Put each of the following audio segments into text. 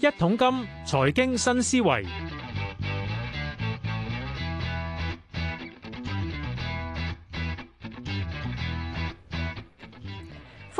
一桶金，財經新思維。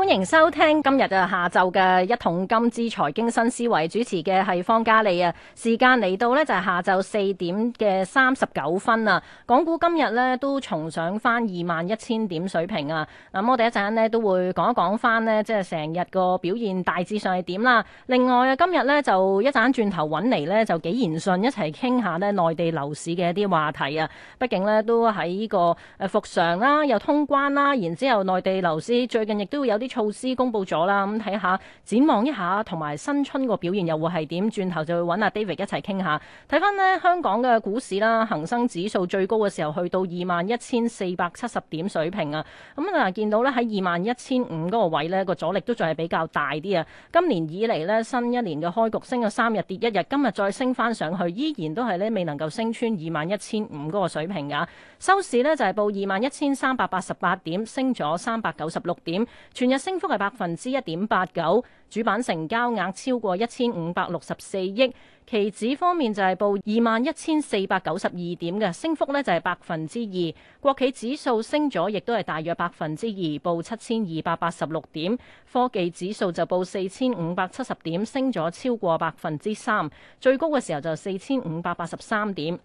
歡迎收聽今日啊下晝嘅一桶金之財經新思維，主持嘅係方嘉利啊，時間嚟到呢，就係下晝四點嘅三十九分啊，港股今日呢，都重上翻二萬一千點水平啊，咁我哋一陣呢，都會講一講翻呢，即係成日個表現大致上係點啦，另外啊今日呢，就一陣轉頭揾嚟呢，就紀言迅一齊傾下呢內地樓市嘅一啲話題啊，畢竟呢，都喺呢個誒復常啦，又通關啦，然之後內地樓市最近亦都會有啲。措施公布咗啦，咁睇下展望一下，同埋新春個表現又會係點？轉頭就去揾阿 David 一齊傾下。睇翻咧香港嘅股市啦，恒生指數最高嘅時候去到二萬一千四百七十點水平啊。咁啊見到咧喺二萬一千五嗰個位咧，個阻力都仲係比較大啲啊。今年以嚟咧，新一年嘅開局升咗三日跌一日，今日再升翻上去，依然都係咧未能夠升穿二萬一千五嗰個水平噶。收市咧就係報二萬一千三百八十八點，升咗三百九十六點，全日升升幅係百分之一點八九，主板成交額超過一千五百六十四億。期指方面就係報二萬一千四百九十二點嘅，升幅呢就係百分之二。國企指數升咗，亦都係大約百分之二，報七千二百八十六點。科技指數就報四千五百七十點，升咗超過百分之三，最高嘅時候就四千五百八十三點。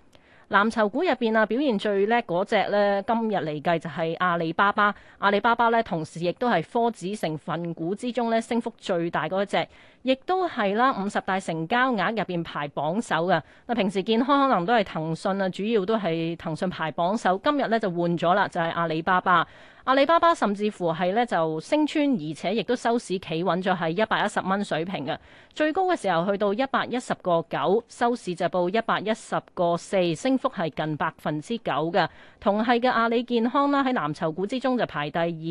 藍籌股入邊啊，表現最叻嗰隻呢，今日嚟計就係阿里巴巴。阿里巴巴呢，同時亦都係科指成分股之中咧，升幅最大嗰一隻，亦都係啦，五十大成交額入邊排榜首噶。嗱，平時健康可能都係騰訊啊，主要都係騰訊排榜首，今日呢，就換咗啦，就係、是、阿里巴巴。阿里巴巴甚至乎係咧就升穿，而且亦都收市企穩咗，係一百一十蚊水平嘅，最高嘅時候去到一百一十個九，收市就報一百一十個四，升幅係近百分之九嘅。同係嘅阿里健康啦，喺藍籌股之中就排第二，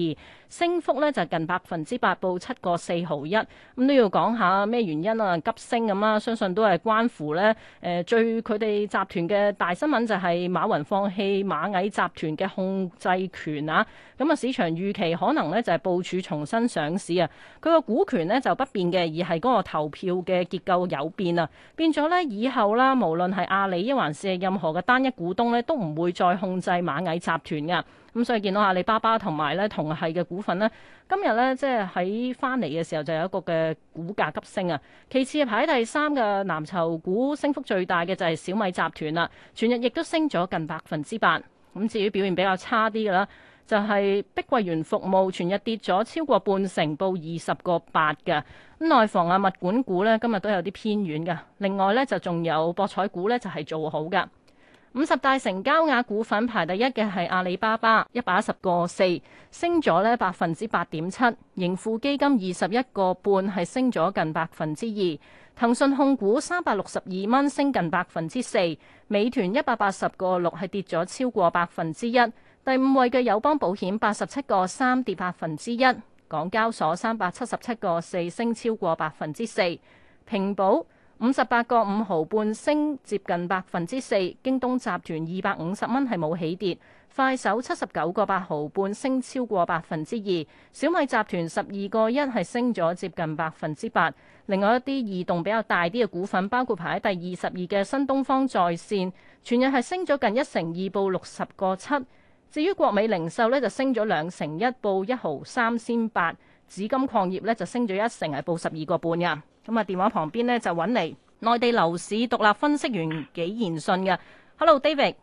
升幅呢就近百分之八，報七個四毫一。咁都要講下咩原因啊？急升咁啦、嗯，相信都係關乎呢，誒、呃，最佢哋集團嘅大新聞就係馬雲放棄螞蟻集團嘅控制權啊！咁啊，市場預期可能咧就係部署重新上市啊。佢個股權咧就不變嘅，而係嗰個投票嘅結構有變啊。變咗咧，以後啦，無論係阿里，一還是係任何嘅單一股東咧，都唔會再控制螞蟻集團噶，咁、嗯、所以見到阿里巴巴同埋咧同係嘅股份呢，今日咧即係喺翻嚟嘅時候就有一個嘅股價急升啊。其次排第三嘅藍籌股升幅最大嘅就係小米集團啦，全日亦都升咗近百分之八。咁、嗯、至於表現比較差啲嘅啦。就係碧桂園服務全日跌咗超過半成，報二十個八㗎。咁內房啊物管股呢，今日都有啲偏軟㗎。另外呢，就仲有博彩股呢，就係做好㗎。五十大成交額股份排第一嘅係阿里巴巴，一百一十個四，升咗呢百分之八點七。盈富基金二十一個半，係升咗近百分之二。騰訊控股三百六十二蚊，升近百分之四。美團一百八十個六，係跌咗超過百分之一。第五位嘅友邦保險八十七個三跌百分之一，港交所三百七十七個四升超過百分之四，平保五十八個五毫半升接近百分之四，京東集團二百五十蚊係冇起跌，快手七十九個八毫半升超過百分之二，小米集團十二個一係升咗接近百分之八。另外一啲異動比較大啲嘅股份，包括排喺第二十二嘅新東方在線，全日係升咗近一成二，報六十個七。至於國美零售咧就升咗兩成一，報一毫三千八；紫金礦業咧就升咗一成，係報十二個半㗎。咁啊，電話旁邊呢，就揾嚟，內地樓市獨立分析員紀言迅嘅，Hello，David。Hello, David.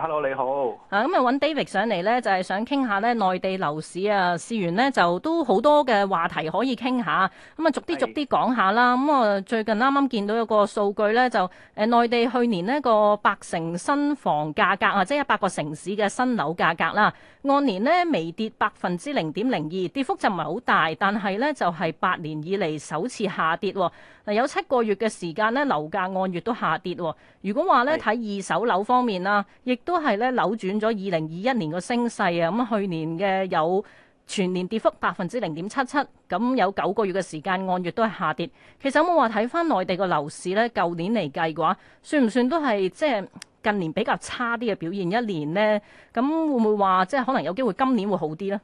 hello 你好。啊，咁啊揾 David 上嚟咧，就係想傾下咧內地樓市啊。試完咧就都好多嘅話題可以傾下，咁啊逐啲逐啲講下啦。咁啊最近啱啱見到有個數據咧，就誒內地去年呢個百城新房價格啊，即係一百個城市嘅新樓價格啦，按年呢，微跌百分之零點零二，跌幅就唔係好大，但係咧就係八年以嚟首次下跌喎。嗱，有七個月嘅時間咧樓價按月都下跌喎。如果話咧睇二手樓方面啦，亦亦都係咧扭轉咗二零二一年個升勢啊！咁去年嘅有全年跌幅百分之零點七七，咁有九個月嘅時間按月都係下跌。其實有冇話睇翻內地個樓市咧？舊年嚟計嘅話，算唔算都係即係近年比較差啲嘅表現一年呢，咁會唔會話即係可能有機會今年會好啲咧？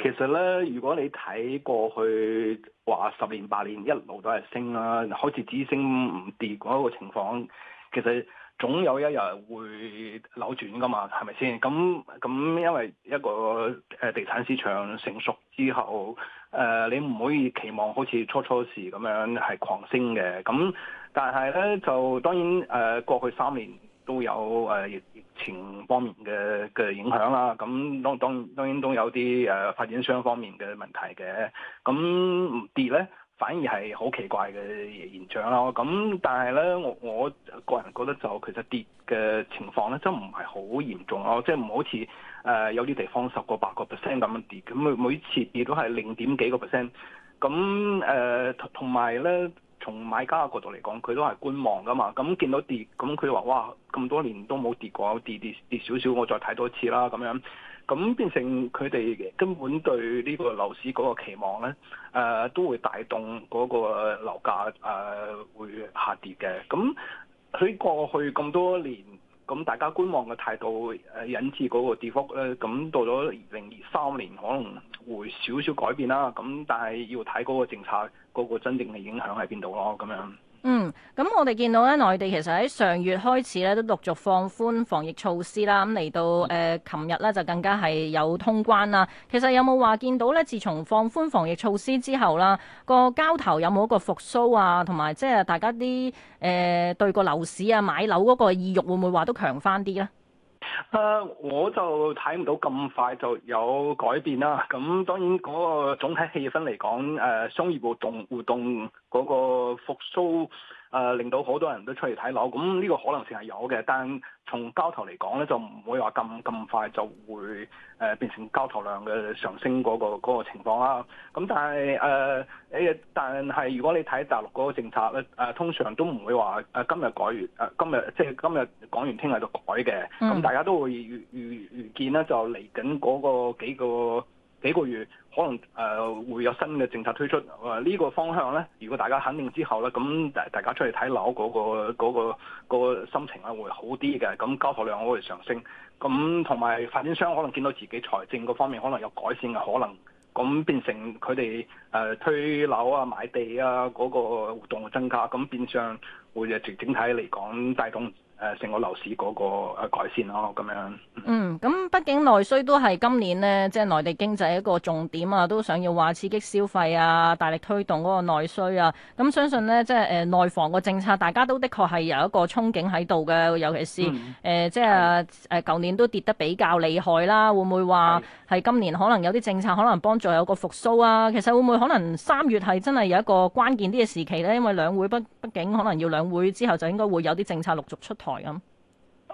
其實咧，如果你睇過去話十年八年一路都係升啦，開始止升唔跌嗰個情況，其實。總有一日會扭轉㗎嘛，係咪先？咁咁因為一個誒地產市場成熟之後，誒、呃、你唔可以期望好似初初時咁樣係狂升嘅。咁但係咧就當然誒、呃、過去三年都有誒疫疫情方面嘅嘅影響啦。咁當當然當然都有啲誒發展商方面嘅問題嘅。咁唔跌咧？反而係好奇怪嘅現象咯，咁但係咧，我我個人覺得就其實跌嘅情況咧，真唔係好嚴重咯，即係唔好似誒有啲地方十個八個 percent 咁樣跌，咁每每次跌都係零點幾個 percent，咁誒同埋咧，從買家嘅角度嚟講，佢都係觀望㗎嘛，咁見到跌，咁佢話哇，咁多年都冇跌過，我跌跌跌少少，我再睇多次啦，咁樣。咁變成佢哋根本對呢個樓市嗰個期望咧，誒、呃、都會帶動嗰個樓價誒、呃、會下跌嘅。咁喺過去咁多年，咁大家觀望嘅態度誒引致嗰個跌幅咧。咁到咗二零二三年可能會少少改變啦。咁但係要睇嗰個政策嗰個真正嘅影響喺邊度咯。咁樣。嗯，咁我哋見到咧，內地其實喺上月開始咧都陸續放寬防疫措施啦，咁、嗯、嚟到誒琴日咧就更加係有通關啦。其實有冇話見到咧，自從放寬防疫措施之後啦，個交投有冇一個復甦啊？同埋即係大家啲誒、呃、對個樓市啊買樓嗰個意欲會唔會話都強翻啲咧？啊！Uh, 我就睇唔到咁快就有改變啦。咁當然嗰個總體氣氛嚟講，誒、呃、商業活動活動嗰、個復甦。誒令到好多人都出嚟睇樓，咁、這、呢個可能性係有嘅，但從交投嚟講咧，就唔會話咁咁快就會誒變成交投量嘅上升嗰、那個那個情況啦。咁但係誒誒，但係、呃、如果你睇大陸嗰個政策咧，誒、啊、通常都唔會話誒今，、啊、今日改完，誒今日即係今日講完，聽日就改嘅。咁、嗯、大家都會預預預見咧，就嚟緊嗰個幾個。幾個月可能誒、呃、會有新嘅政策推出，誒、呃、呢、這個方向咧，如果大家肯定之後咧，咁大大家出去睇樓嗰個嗰、那個那個、心情咧會好啲嘅，咁交投量會上升，咁同埋發展商可能見到自己財政嗰方面可能有改善嘅可能，咁變成佢哋誒推樓啊、買地啊嗰、那個活動嘅增加，咁變相會係整體嚟講帶動。誒成個樓市嗰個改善咯，咁樣。嗯，咁畢竟內需都係今年呢，即係內地經濟一個重點啊，都想要話刺激消費啊，大力推動嗰個內需啊。咁、嗯、相信呢，即係誒內房個政策，大家都的確係有一個憧憬喺度嘅，尤其是誒、嗯呃、即係誒舊年都跌得比較厲害啦，會唔會話係今年可能有啲政策可能幫助有個復甦啊？其實會唔會可能三月係真係有一個關鍵啲嘅時期呢？因為兩會畢畢竟可能要兩會之後就應該會有啲政策陸續出台。咁，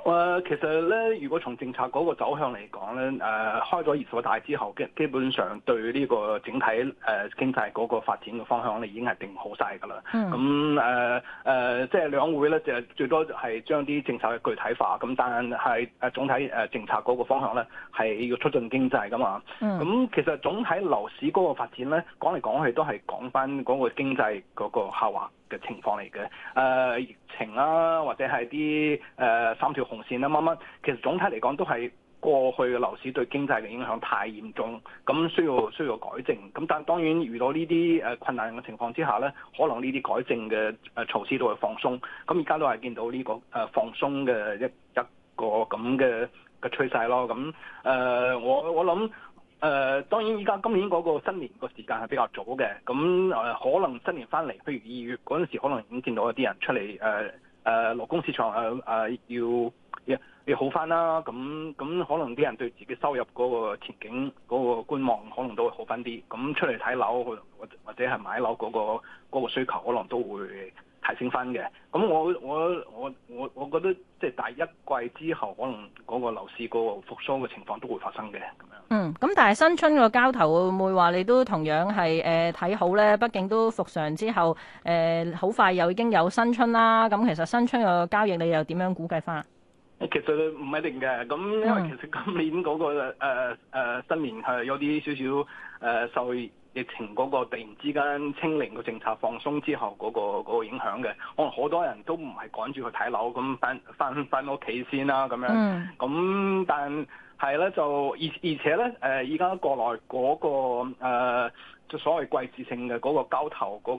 誒其實咧，如果從政策嗰個走向嚟講咧，誒、呃、開咗二十大之後，基基本上對呢個整體誒、呃、經濟嗰個發展嘅方向，我哋已經係定好晒噶啦。咁誒誒，即係兩會咧，就最多係將啲政策嘅具體化。咁但係誒總體誒政策嗰個方向咧，係要促進經濟噶嘛。咁、嗯、其實總體樓市嗰個發展咧，講嚟講去都係講翻嗰個經濟嗰個效應。嘅情況嚟嘅，誒、呃、疫情啦、啊，或者係啲誒三條紅線啦、啊，乜乜，其實總體嚟講都係過去嘅樓市對經濟嘅影響太嚴重，咁需要需要改正。咁但當然遇到呢啲誒困難嘅情況之下咧，可能呢啲改正嘅誒措施都會放鬆。咁而家都係見到呢、呢個誒、啊、放鬆嘅一一個咁嘅嘅趨勢咯。咁誒、呃，我我諗。誒、呃、當然，依家今年嗰個新年個時間係比較早嘅，咁誒、呃、可能新年翻嚟，譬如二月嗰陣時，可能已經見到有啲人出嚟誒誒落工市場啊，誒、呃呃、要要，要，要好翻啦，咁咁可能啲人對自己收入嗰個前景嗰個觀望，可能都會好翻啲，咁出嚟睇樓，或或者係買樓嗰個嗰個需求，可能都會，提升翻嘅，咁我我我我我覺得即係第一季之後，可能嗰個樓市個復甦嘅情況都會發生嘅咁樣。嗯，咁但係新春個交投會唔會話你都同樣係誒睇好咧？畢竟都復常之後，誒、呃、好快又已經有新春啦。咁其實新春個交易你又點樣估計翻？其實唔一定嘅，咁因為其實今年嗰、那個誒誒新年係有啲少少誒稍疫情嗰個突然之間清零個政策放鬆之後，嗰個嗰個影響嘅，可能好多人都唔係趕住去睇樓，咁翻翻翻屋企先啦、啊、咁樣。咁但係咧就而而且咧誒而家國內嗰個誒。呃就所謂季節性嘅嗰、那個交投嗰、那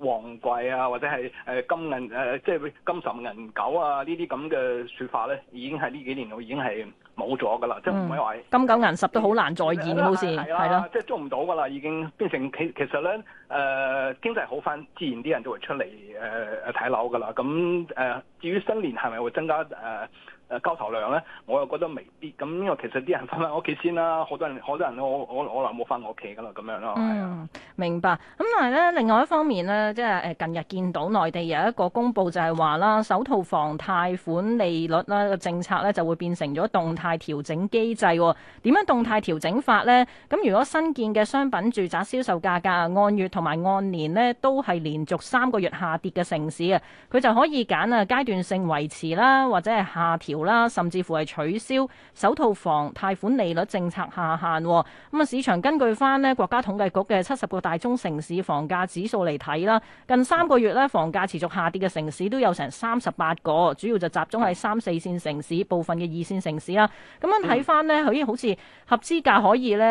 個旺季啊，或者係誒金銀誒、呃，即係金十銀九啊，這這呢啲咁嘅説法咧，已經係呢幾年我已經係冇咗噶啦，嗯、即係唔係話金九銀十都好難再現冇事，似啦、啊，即係、啊啊、捉唔到噶啦，已經變成其其實咧誒、呃、經濟好返，自然啲人就會出嚟誒誒睇樓噶啦。咁誒、呃、至於新年係咪會增加誒？呃誒交投量呢，我又覺得未必。咁因為其實啲人翻翻屋企先啦，好多人好多人，我我我耐冇翻過屋企噶啦，咁樣咯。嗯，明白。咁但係呢，另外一方面呢，即係誒近日見到內地有一個公佈就係話啦，首套房貸款利率啦個政策呢就會變成咗動態調整機制哦。點樣動態調整法呢？咁如果新建嘅商品住宅銷售價格按月同埋按年呢都係連續三個月下跌嘅城市啊，佢就可以揀啊階段性維持啦，或者係下調。啦，甚至乎係取消首套房貸款利率政策下限，哦。咁啊，市場根據翻咧國家統計局嘅七十個大中城市房價指數嚟睇啦，近三個月咧房價持續下跌嘅城市都有成三十八個，主要就集中喺三四線城市、部分嘅二線城市啦。咁樣睇翻呢，佢、嗯、好似合資格可以咧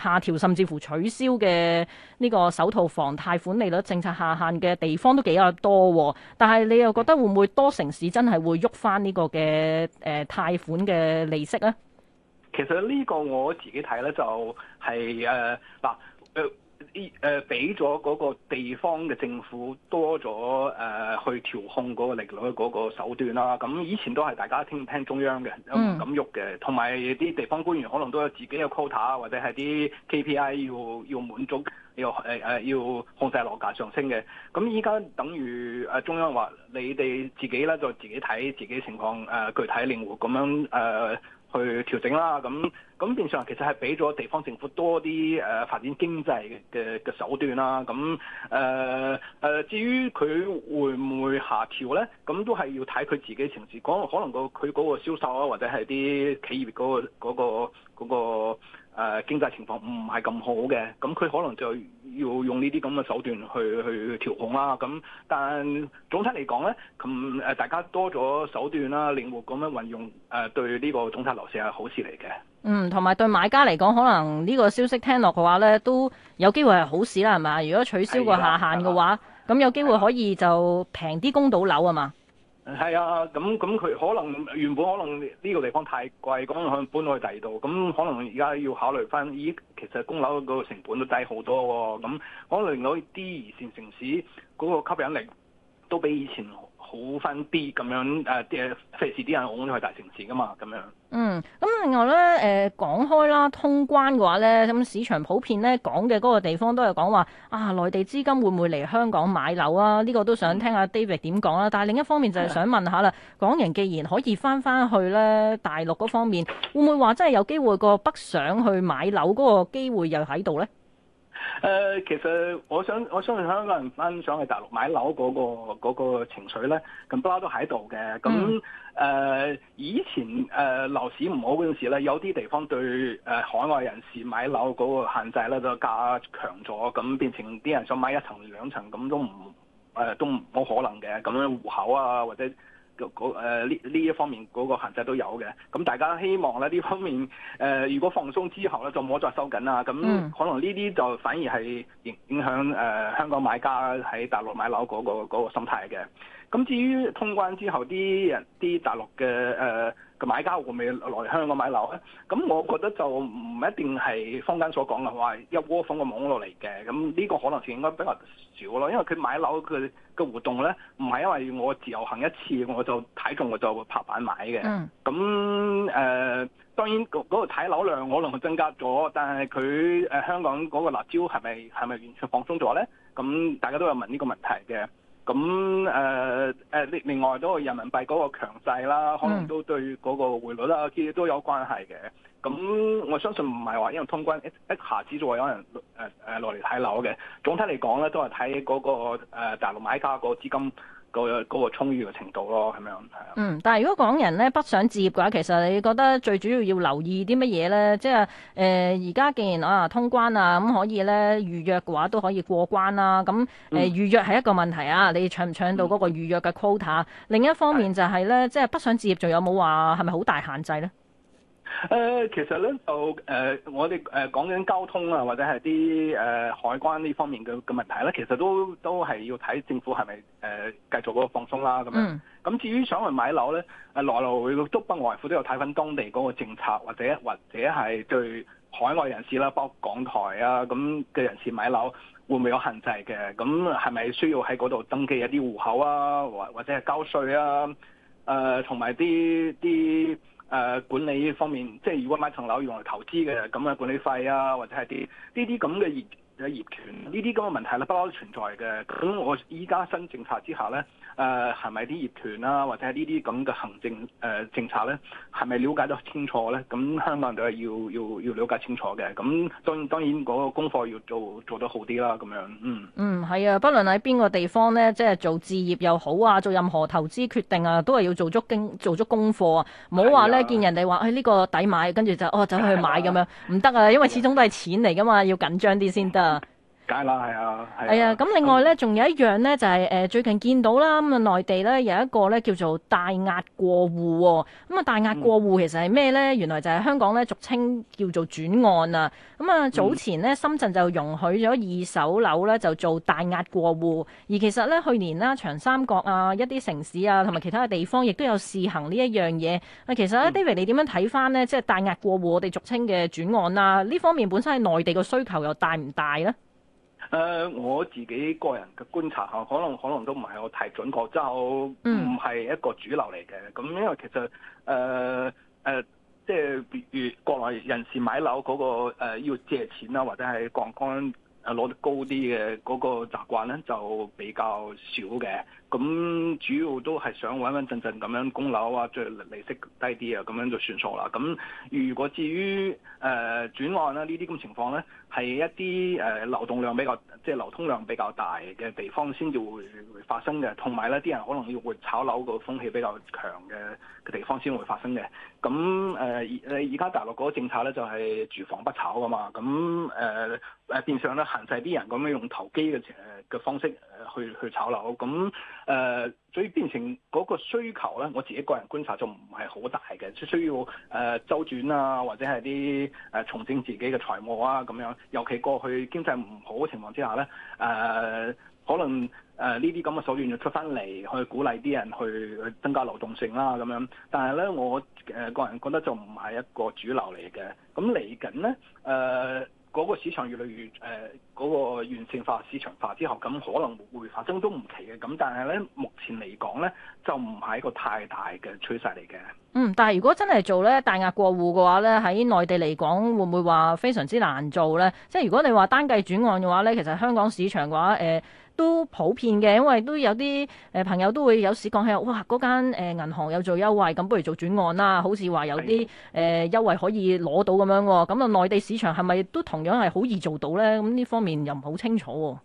誒下調，甚至乎取消嘅呢個首套房貸款利率政策下限嘅地方都幾啊多，哦。但係你又覺得會唔會多城市真係會喐翻呢個嘅？誒、呃、貸款嘅利息咧，其實呢個我自己睇咧就係誒嗱誒。呃呃呃啲俾咗嗰個地方嘅政府多咗誒、呃、去調控嗰個力量，嗰個手段啦。咁、啊、以前都係大家聽聽中央嘅，唔敢喐嘅。同埋啲地方官員可能都有自己嘅 quota 或者係啲 KPI 要要滿足，要誒誒、呃、要控制落價上升嘅。咁依家等於誒中央話你哋自己咧就自己睇自己情況誒、呃，具體靈活咁樣誒。呃去調整啦，咁咁變相其實係俾咗地方政府多啲誒發展經濟嘅嘅手段啦，咁誒誒，至於佢會唔會下調呢？咁都係要睇佢自己嘅情節，可能可佢嗰個銷售啊，或者係啲企業嗰個嗰嗰個。嗰個嗰個誒、呃、經濟情況唔係咁好嘅，咁、嗯、佢可能就要用呢啲咁嘅手段去去調控啦。咁、嗯、但總體嚟講呢，咁、嗯、誒大家多咗手段啦，靈活咁樣運用誒、呃，對呢個總體樓市係好事嚟嘅。嗯，同埋對買家嚟講，可能呢個消息聽落嘅話呢，都有機會係好事啦，係嘛？如果取消個下限嘅話，咁有機會可以就平啲供到樓啊嘛。係啊，咁咁佢可能原本可能呢個地方太貴，咁可能搬去第二度，咁可能而家要考慮返，咦，其實供樓嗰個成本都低好多喎，咁可能令到啲二線城市嗰個吸引力都比以前。好翻啲，咁樣誒，啲費事啲人往咗去大城市㗎嘛咁樣。嗯，咁另外咧誒、呃、講開啦，通關嘅話咧，咁市場普遍咧講嘅嗰個地方都係講話啊，內地資金會唔會嚟香港買樓啊？呢、呢個都想聽下 David 點講啦。但係另一方面就係想問下啦，的港人既然可以翻翻去咧大陸嗰方面，會唔會話真係有機會個北上去買樓嗰個機會又喺度咧？誒、呃，其實我想我相信香港人翻上去大陸買樓嗰、那個那個情緒咧，咁不嬲都喺度嘅。咁誒、呃，以前誒、呃、樓市唔好嗰陣時咧，有啲地方對誒、呃、海外人士買樓嗰個限制咧就加強咗。咁變成啲人想買一層兩層咁都唔誒、呃、都冇可能嘅。咁樣戶口啊，或者。個呢呢一方面嗰個限制都有嘅，咁大家希望咧呢方面誒、呃、如果放鬆之後咧就唔好再收緊啦，咁可能呢啲就反而係影影響誒香港買家喺大陸買樓嗰個嗰個心態嘅。咁至於通關之後啲人啲大陸嘅誒、呃個買家會唔會來香港買樓咧？咁我覺得就唔一定係坊間所講嘅話一窩蜂嘅湧落嚟嘅。咁呢個可能性應該比較少咯，因為佢買樓佢嘅活動咧，唔係因為我自由行一次我就睇中我就會拍板買嘅。咁誒、呃，當然嗰嗰個睇樓量可能增加咗，但係佢誒香港嗰個辣椒係咪係咪完全放鬆咗咧？咁大家都有問呢個問題嘅。咁誒誒，另另外嗰個人民幣嗰個強勢啦，可能都對嗰個匯率啦，都有關係嘅。咁我相信唔係話因為通關一一下子就會有人誒誒落嚟睇樓嘅。總體嚟講咧，都係睇嗰個誒大陸買家個資金。 個嗰個充裕嘅程度咯，係咪有問題啊？嗯，但係如果港人咧不想置業嘅話，其實你覺得最主要要留意啲乜嘢咧？即係誒而家既然啊通關啊咁、嗯、可以咧預約嘅話，都可以過關啦。咁誒預約係一個問題啊，你搶唔搶到嗰個預約嘅 quota？啊嗯、另一方面就係、是、咧，是即係不想置業，仲有冇話係咪好大限制咧？誒、呃、其實咧就誒我哋誒講緊交通啊或者係啲誒海關呢方面嘅嘅問題咧，其實都都係要睇政府係咪誒繼續嗰個放鬆啦咁樣。咁、嗯、至於想去買樓咧，來來去去都不外乎都有睇翻當地嗰個政策，或者或者係對海外人士啦，包括港台啊咁嘅人士買樓會唔會有限制嘅？咁係咪需要喺嗰度登記一啲戶口啊，或或者係交稅啊？誒同埋啲啲。誒、呃、管理方面，即係如果買層樓用嚟投資嘅咁嘅管理費啊，或者係啲呢啲咁嘅業嘅業權，呢啲咁嘅問題咧，不嬲都存在嘅。咁我依家新政策之下咧。誒係咪啲業權啦、啊，或者係呢啲咁嘅行政誒、呃、政策咧？係咪了解得清楚咧？咁香港人哋要要要瞭解清楚嘅。咁當然當然嗰個功課要做做得好啲啦。咁樣嗯嗯係啊，不論喺邊個地方咧，即係做置業又好啊，做任何投資決定啊，都係要做足經做足功課是啊。唔好話咧，見人哋話誒呢個抵買，跟住就哦走去買咁樣，唔得是啊，啊！因為始終都係錢嚟㗎嘛，要緊張啲先得。梗啦，係啊，係啊。咁另外咧，仲有一樣咧，就係誒最近見到啦。咁啊，內地咧有一個咧叫做帶押過戶喎。咁啊，帶押過戶其實係咩咧？嗯、原來就係香港咧俗稱叫做轉案啊。咁啊，早前咧深圳就容許咗二手樓咧就做帶押過戶，而其實咧去年啦長三角啊一啲城市啊同埋其他嘅地方，亦都有試行呢一樣嘢。啊，其實咧，David 你點樣睇翻咧？即係帶押過戶，我哋俗稱嘅轉案啊，呢方面本身係內地個需求又大唔大咧？誒我自己個人嘅觀察下，可能可能都唔係我太準確，之後唔係一個主流嚟嘅。咁因為其實誒誒、呃呃，即係比如國內人士買樓嗰、嗰個、呃、要借錢啦，或者係槓桿誒攞得高啲嘅嗰個習慣咧，就比較少嘅。咁主要都係想穩穩陣陣咁樣供樓啊，即係利息低啲啊，咁樣就算數啦。咁如果至於誒轉按啦，呃、呢啲咁情況咧，係一啲誒、呃、流動量比較，即係流通量比較大嘅地方先至會會發生嘅。同埋咧，啲人可能要活炒樓個風氣比較強嘅嘅地方先會發生嘅。咁誒誒，而、呃、家大陸嗰個政策咧就係、是、住房不炒㗎嘛。咁誒誒，變相咧限制啲人咁樣用投機嘅誒嘅方式去去炒樓咁。誒、呃，所以變成嗰個需求咧，我自己個人觀察就唔係好大嘅，需需要誒周、呃、轉啊，或者係啲誒重整自己嘅財務啊咁樣。尤其過去經濟唔好嘅情況之下咧，誒、呃、可能誒呢啲咁嘅手段要出翻嚟去鼓勵啲人去，去增加流動性啦、啊、咁樣。但係咧，我誒個人覺得就唔係一個主流嚟嘅。咁嚟緊咧，誒。呃嗰個市場越嚟越誒嗰個完善化、市場化之後，咁可能會發生都唔奇嘅。咁但係咧，目前嚟講咧，就唔係一個太大嘅趨勢嚟嘅。嗯，但係如果真係做咧帶押過戶嘅話咧，喺內地嚟講會唔會話非常之難做咧？即係如果你話單計轉按嘅話咧，其實香港市場嘅話誒。呃都普遍嘅，因為都有啲誒朋友都會有時講起，哇嗰間銀行有做優惠，咁不如做轉案啦，好似話有啲誒優惠可以攞到咁樣，咁啊，內地市場係咪都同樣係好易做到咧？咁呢方面又唔係好清楚、哦、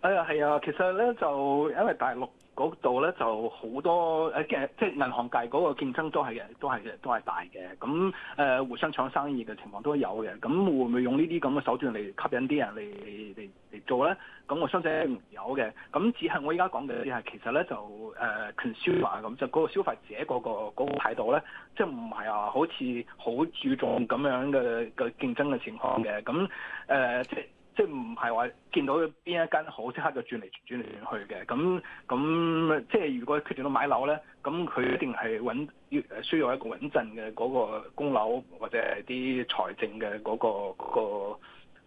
哎呀，係啊，其實咧就因為大陸。嗰度咧就好多誒，即係銀行界嗰個競爭都係嘅，都係嘅，都係大嘅。咁誒、呃，互相搶生意嘅情況都有嘅。咁會唔會用呢啲咁嘅手段嚟吸引啲人嚟嚟嚟做咧？咁我相信有嘅。咁只係我而家講嘅只係其實咧就誒 consumer 咁，就嗰、呃、個消費者嗰、嗰個嗰、嗰個、態度咧，即係唔係話好似好注重咁樣嘅嘅競爭嘅情況嘅。咁誒即係。呃即係唔係話見到邊一間好即刻就轉嚟轉嚟轉去嘅，咁咁即係如果決定到買樓咧，咁佢一定係揾要需要一個穩陣嘅嗰個供樓或者係啲財政嘅嗰個嗰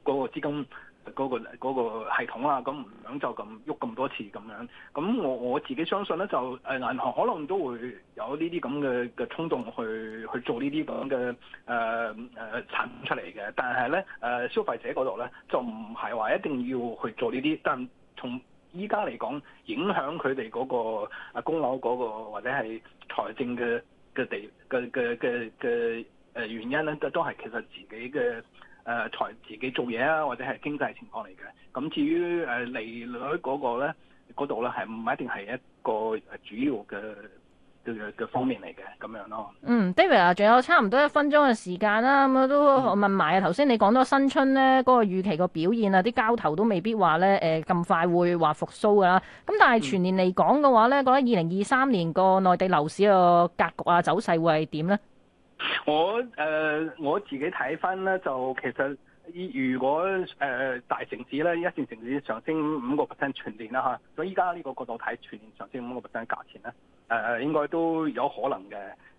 個嗰個資金。嗰個嗰個系統啦，咁唔想就咁喐咁多次咁樣，咁我我自己相信咧，就誒銀行可能都會有呢啲咁嘅嘅衝動去去做呢啲咁嘅誒誒產品出嚟嘅，但係咧誒消費者嗰度咧就唔係話一定要去做呢啲，但從依家嚟講，影響佢哋嗰個啊供樓嗰個或者係財政嘅嘅地嘅嘅嘅嘅誒原因咧，都都係其實自己嘅。誒財、呃、自己做嘢啊，或者係經濟情況嚟嘅。咁至於誒、呃、利率嗰個咧，嗰度咧係唔一定係一個主要嘅嘅嘅方面嚟嘅咁樣咯。嗯，David 啊，仲有差唔多一分鐘嘅時間啦。咁、嗯、都我問埋啊，頭先你講咗新春咧嗰、嗰個預期個表現啊，啲交投都未必話咧誒咁快會話復甦㗎啦。咁但係全年嚟講嘅話咧，覺得二零二三年個內地樓市個格局啊、走勢會係點咧？我誒、呃、我自己睇翻咧，就其實如果誒、呃、大城市咧，一線城、城市上升五個 percent 全年啦嚇，咁所以依家呢個角度睇全年上升五個 percent 價錢咧，誒、呃、應該都有可能嘅。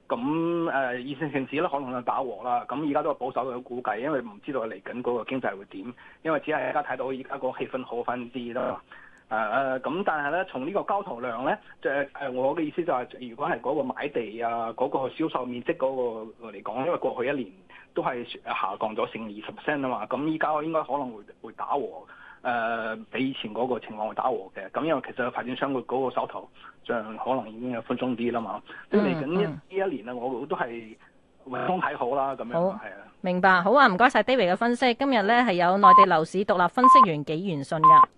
咁誒、呃、二線城、城市咧，可能就把握打和啦。咁而家都係保守嘅估計，因為唔知道嚟緊嗰個經濟會點。因為只係而家睇到而家個氣氛好翻啲啦。嗯誒誒，咁、呃、但係咧，從呢個交投量咧，就、呃、誒，我嘅意思就係、是，如果係嗰個買地啊，嗰、那個銷售面積嗰、那個嚟講、呃，因為過去一年都係下降咗成二十 percent 啊嘛，咁依家應該可能會會打和誒、呃，比以前嗰個情況會打和嘅，咁因為其實發展商嘅嗰個手頭就可能已經有寬鬆啲啦嘛。即係嚟緊一呢一年咧，嗯嗯我都係維觀睇好啦。咁樣係啊、嗯嗯是，明白。好啊，唔該晒。David 嘅分析。今日咧係有內地樓市獨立分析員紀言迅噶。